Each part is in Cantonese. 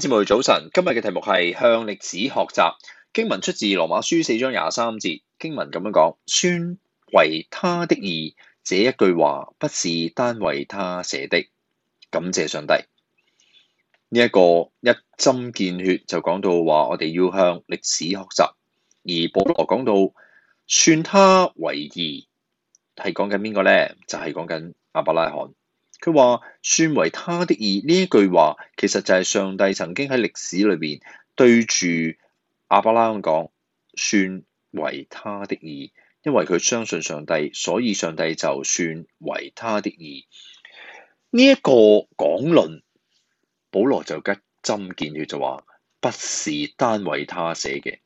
節目早晨，今日嘅題目係向歷史學習。經文出自羅馬書四章廿三節，經文咁樣講：算為他的義，這一句話不是單為他寫的，感謝上帝。呢、這、一個一針見血就講到話，我哋要向歷史學習。而保羅講到，算他為義，係講緊邊個呢？就係講緊阿伯拉罕。佢話算為他的義呢句話，其實就係上帝曾經喺歷史裏邊對住阿伯拉罕講，算為他的義，因為佢相信上帝，所以上帝就算為他的義。呢、這、一個講論，保羅就一針見血就話，不是單為他寫嘅，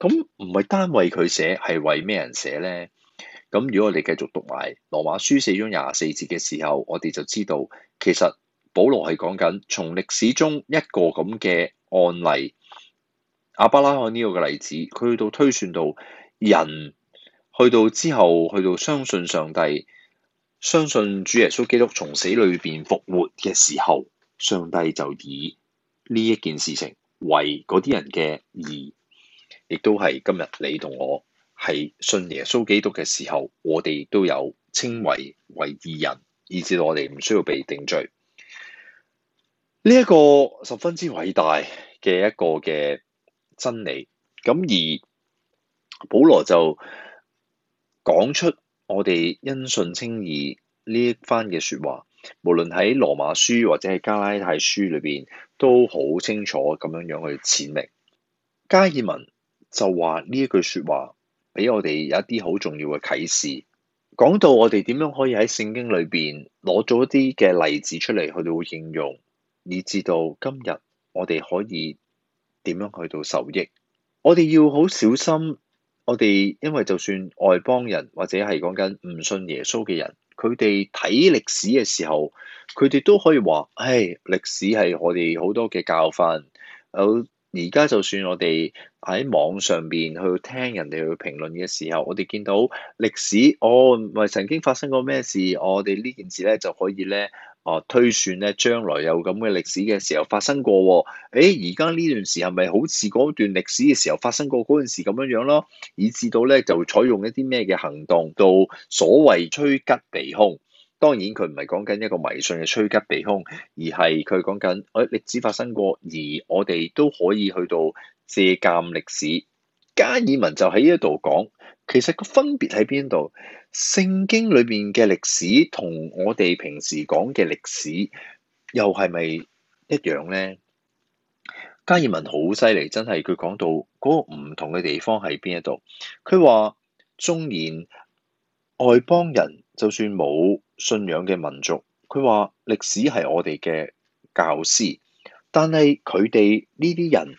咁唔係單為佢寫，係為咩人寫咧？咁如果我哋繼續讀埋《羅馬書》四章廿四節嘅時候，我哋就知道其實保羅係講緊從歷史中一個咁嘅案例，亞伯拉罕呢個嘅例子，佢去到推算到人去到之後，去到相信上帝，相信主耶穌基督從死裏邊復活嘅時候，上帝就以呢一件事情為嗰啲人嘅義，亦都係今日你同我。係信耶穌基督嘅時候，我哋都有稱為為義人，以至到我哋唔需要被定罪。呢、這、一個十分之偉大嘅一個嘅真理，咁而保羅就講出我哋因信稱義呢一番嘅說話，無論喺羅馬書或者係加拉太書裏邊，都好清楚咁樣樣去闡明。加爾文就話呢一句說話。俾我哋有一啲好重要嘅啟示，講到我哋點樣可以喺聖經裏邊攞咗一啲嘅例子出嚟去到應用，以至到今日我哋可以點樣去到受益。我哋要好小心，我哋因為就算外邦人或者係講緊唔信耶穌嘅人，佢哋睇歷史嘅時候，佢哋都可以話：「唉，歷史係我哋好多嘅教訓。有而家就算我哋喺網上邊去聽人哋去評論嘅時候，我哋見到歷史，我唔係曾經發生過咩事，哦、我哋呢件事咧就可以咧，哦、啊、推算咧將來有咁嘅歷史嘅時、哦欸、時、時候發生過，誒而家呢段時係咪好似嗰段歷史嘅時候發生過嗰陣時咁樣樣咯，以致到咧就採用一啲咩嘅行動，到所謂趨吉避凶。當然佢唔係講緊一個迷信嘅趨吉避凶，而係佢講緊，誒、哎，歷史發生過，而我哋都可以去到借鑒歷史。加爾文就喺呢一度講，其實個分別喺邊度？聖經裏面嘅歷史同我哋平時講嘅歷史又係咪一樣呢？加爾文好犀利，真係佢講到嗰個唔同嘅地方喺邊一度。佢話，縱然外邦人。就算冇信仰嘅民族，佢話歷史係我哋嘅教師，但係佢哋呢啲人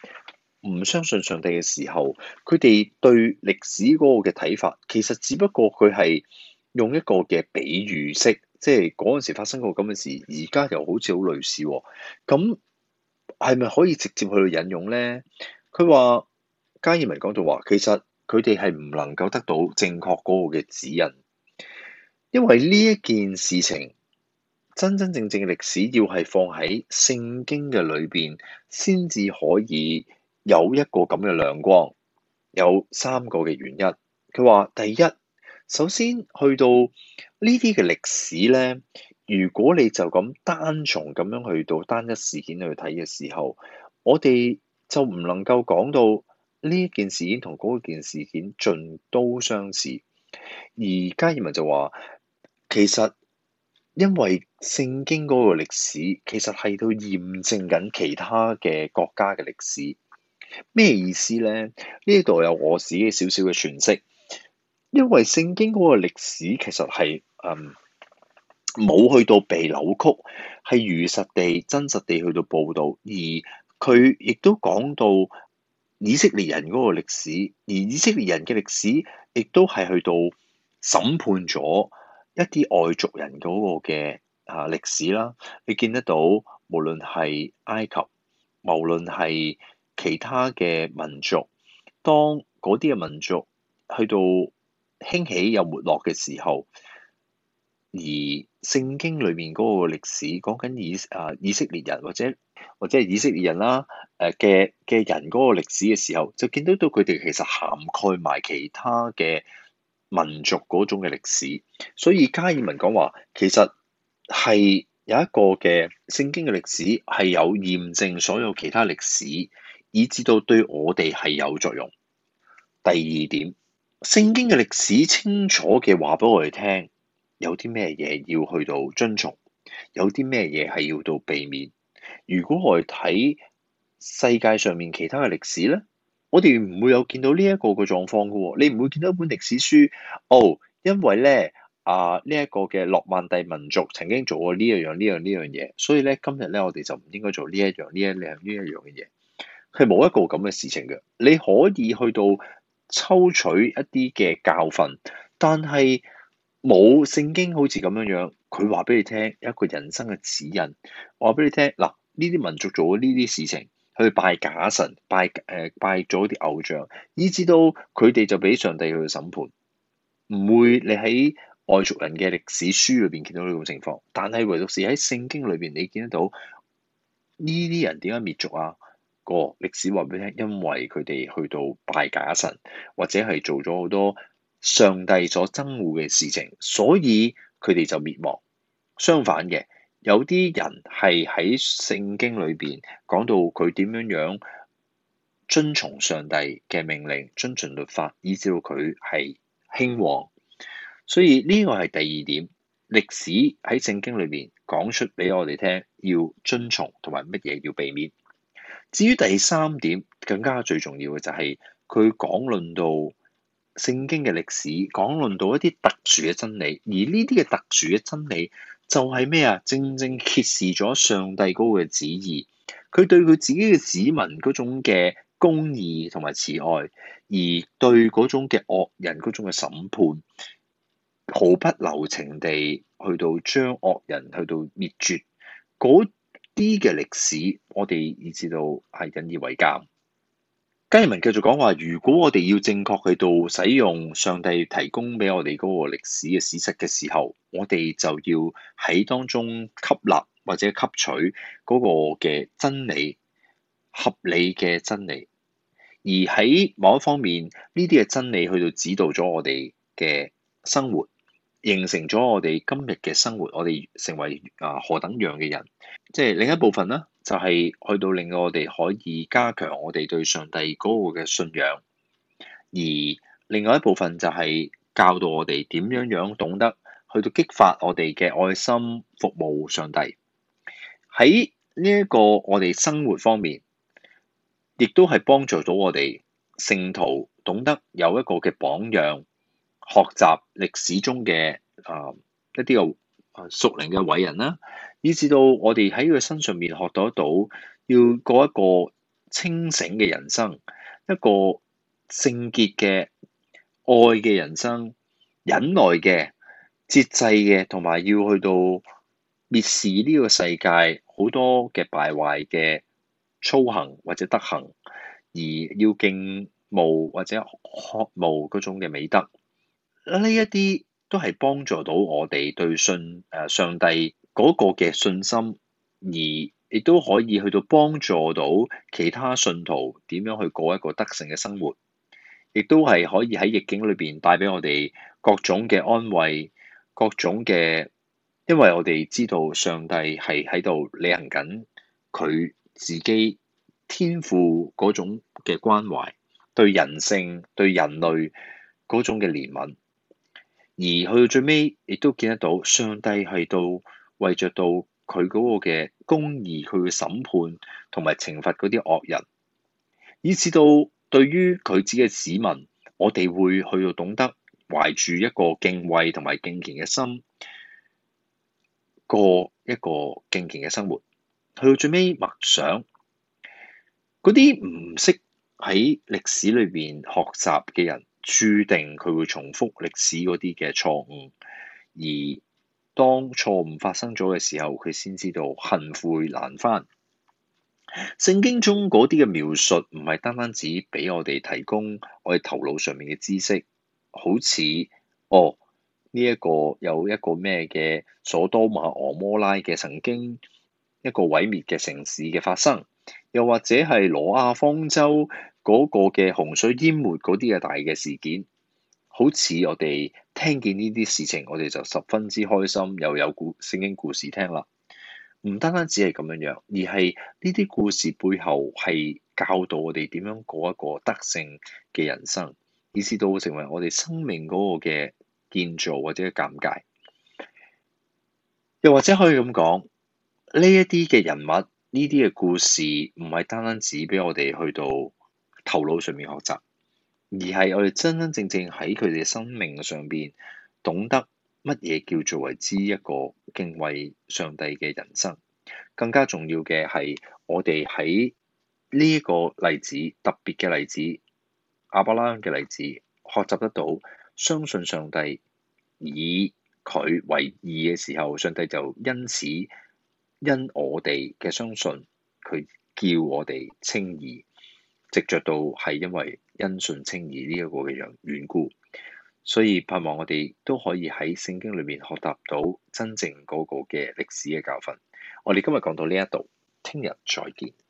唔相信上帝嘅時候，佢哋對歷史嗰個嘅睇法，其實只不過佢係用一個嘅比喻式，即係嗰陣時發生過咁嘅事，而家又好似好類似，咁，係咪可以直接去引用咧？佢話加爾文講就話其實，佢哋係唔能夠得到正確嗰個嘅指引。因為呢一件事情真真正正嘅歷史，要係放喺聖經嘅裏邊，先至可以有一個咁嘅亮光。有三個嘅原因，佢話：第一，首先去到呢啲嘅歷史咧，如果你就咁單從咁樣去到單一事件去睇嘅時候，我哋就唔能夠講到呢一件事件同嗰件事件盡都相似。而加爾文就話。其實因為聖經嗰個歷史，其實係度驗證緊其他嘅國家嘅歷史。咩意思咧？呢度有我自己少少嘅詮釋。因為聖經嗰個歷史其實係嗯冇去到被扭曲，係如實地、真實地去到報道。而佢亦都講到以色列人嗰個歷史，而以色列人嘅歷史亦都係去到審判咗。一啲外族人嗰個嘅啊歷史啦，你見得到，無論係埃及，無論係其他嘅民族，當嗰啲嘅民族去到興起又沒落嘅時候，而聖經裏面嗰個歷史講緊以啊以色列人或者或者係以色列人啦誒嘅嘅人嗰個歷史嘅時候，就見到到佢哋其實涵蓋埋其他嘅。民族嗰種嘅歷史，所以加爾文講話，其實係有一個嘅聖經嘅歷史係有驗證所有其他歷史，以至到對我哋係有作用。第二點，聖經嘅歷史清楚嘅話，俾我哋聽有啲咩嘢要去到遵從，有啲咩嘢係要到避免。如果我哋睇世界上面其他嘅歷史咧？我哋唔會有見到呢一個嘅狀況噶喎。哦，你唔會見到一本歷史書，哦，因為咧啊呢一、呢個嘅諾曼第民族曾經做過呢樣一樣呢樣呢樣嘢，所以咧今日咧我哋就唔應該做呢一樣呢一樣呢一樣嘅嘢。係冇一,一個咁嘅事情嘅，你可以去到抽取一啲嘅教訓，但係冇聖經好似咁樣樣，佢話俾你聽一個人生嘅指引，話俾你聽嗱呢啲民族做咗呢啲事情。去拜假神，拜誒、呃、拜咗啲偶像，以至到佢哋就俾上帝去審判，唔會你喺外族人嘅歷史書裏邊見到呢種情況，但係唯獨是喺聖經裏邊你見得到呢啲人點解滅族啊？個歷史話俾你聽，因為佢哋去到拜假神，或者係做咗好多上帝所憎惡嘅事情，所以佢哋就滅亡。相反嘅。有啲人係喺聖經裏邊講到佢點樣樣遵從上帝嘅命令、遵從律法，以至到佢係興旺。所以呢個係第二點。歷史喺聖經裏面講出俾我哋聽，要遵從同埋乜嘢要避免。至於第三點，更加最重要嘅就係佢講論到聖經嘅歷史，講論到一啲特殊嘅真理，而呢啲嘅特殊嘅真理。就係咩啊？正正揭示咗上帝嗰個嘅旨意，佢對佢自己嘅子民嗰種嘅公義同埋慈愛，而對嗰種嘅惡人嗰種嘅審判，毫不留情地去到將惡人去到滅絕，嗰啲嘅歷史，我哋以致到係引以為鑑。加爾文繼續講話：如果我哋要正確去到使用上帝提供俾我哋嗰個歷史嘅史實嘅時候，我哋就要喺當中吸納或者吸取嗰個嘅真理，合理嘅真理。而喺某一方面，呢啲嘅真理去到指導咗我哋嘅生活，形成咗我哋今日嘅生活，我哋成為啊何等樣嘅人，即係另一部分啦。就係去到令到我哋可以加強我哋對上帝嗰個嘅信仰，而另外一部分就係教導我哋點樣樣懂得去到激發我哋嘅愛心服務上帝。喺呢一個我哋生活方面，亦都係幫助到我哋聖徒懂得有一個嘅榜樣，學習歷史中嘅啊、呃、一啲嘅。熟靈嘅偉人啦，以至到我哋喺佢身上面學到一到，要過一個清醒嘅人生，一個聖潔嘅愛嘅人生，忍耐嘅節制嘅，同埋要去到蔑視呢個世界好多嘅敗壞嘅操行或者德行，而要敬慕或者渴慕嗰種嘅美德，呢一啲。都係幫助到我哋對信誒、呃、上帝嗰個嘅信心，而亦都可以去到幫助到其他信徒點樣去過一個得勝嘅生活，亦都係可以喺逆境裏邊帶俾我哋各種嘅安慰、各種嘅，因為我哋知道上帝係喺度履行緊佢自己天父嗰種嘅關懷，對人性、對人類嗰種嘅憐憫。而去到最尾，亦都見得到上帝係到為着到佢嗰個嘅公義，佢嘅審判同埋懲罰嗰啲惡人，以至到對於佢自己嘅子民，我哋會去到懂得懷住一個敬畏同埋敬虔嘅心，過一個敬虔嘅生活。去到最尾默想嗰啲唔識喺歷史裏邊學習嘅人。注定佢會重複歷史嗰啲嘅錯誤，而當錯誤發生咗嘅時候，佢先知道恨錯難返。聖經中嗰啲嘅描述唔係單單只俾我哋提供我哋頭腦上面嘅知識，好似哦呢一、這個有一個咩嘅所多瑪、俄摩拉嘅曾經一個毀滅嘅城市嘅發生，又或者係挪亞方舟。嗰個嘅洪水淹沒嗰啲嘅大嘅事件，好似我哋聽見呢啲事情，我哋就十分之開心，又有故聖經故事聽啦。唔單單只係咁樣樣，而係呢啲故事背後係教導我哋點樣過一個德性嘅人生，以至到成為我哋生命嗰個嘅建造或者嘅鑑戒。又或者可以咁講，呢一啲嘅人物，呢啲嘅故事，唔係單單只俾我哋去到頭腦上面學習，而係我哋真真正正喺佢哋生命上邊懂得乜嘢叫做為之一個敬畏上帝嘅人生。更加重要嘅係，我哋喺呢一個例子特別嘅例子，亞伯拉罕嘅例子，學習得到相信上帝以佢為義嘅時候，上帝就因此因我哋嘅相信，佢叫我哋稱義。藉着到係因為因信稱義呢一個嘅原緣故，所以盼望我哋都可以喺聖經裏面學習到真正嗰個嘅歷史嘅教訓。我哋今日講到呢一度，聽日再見。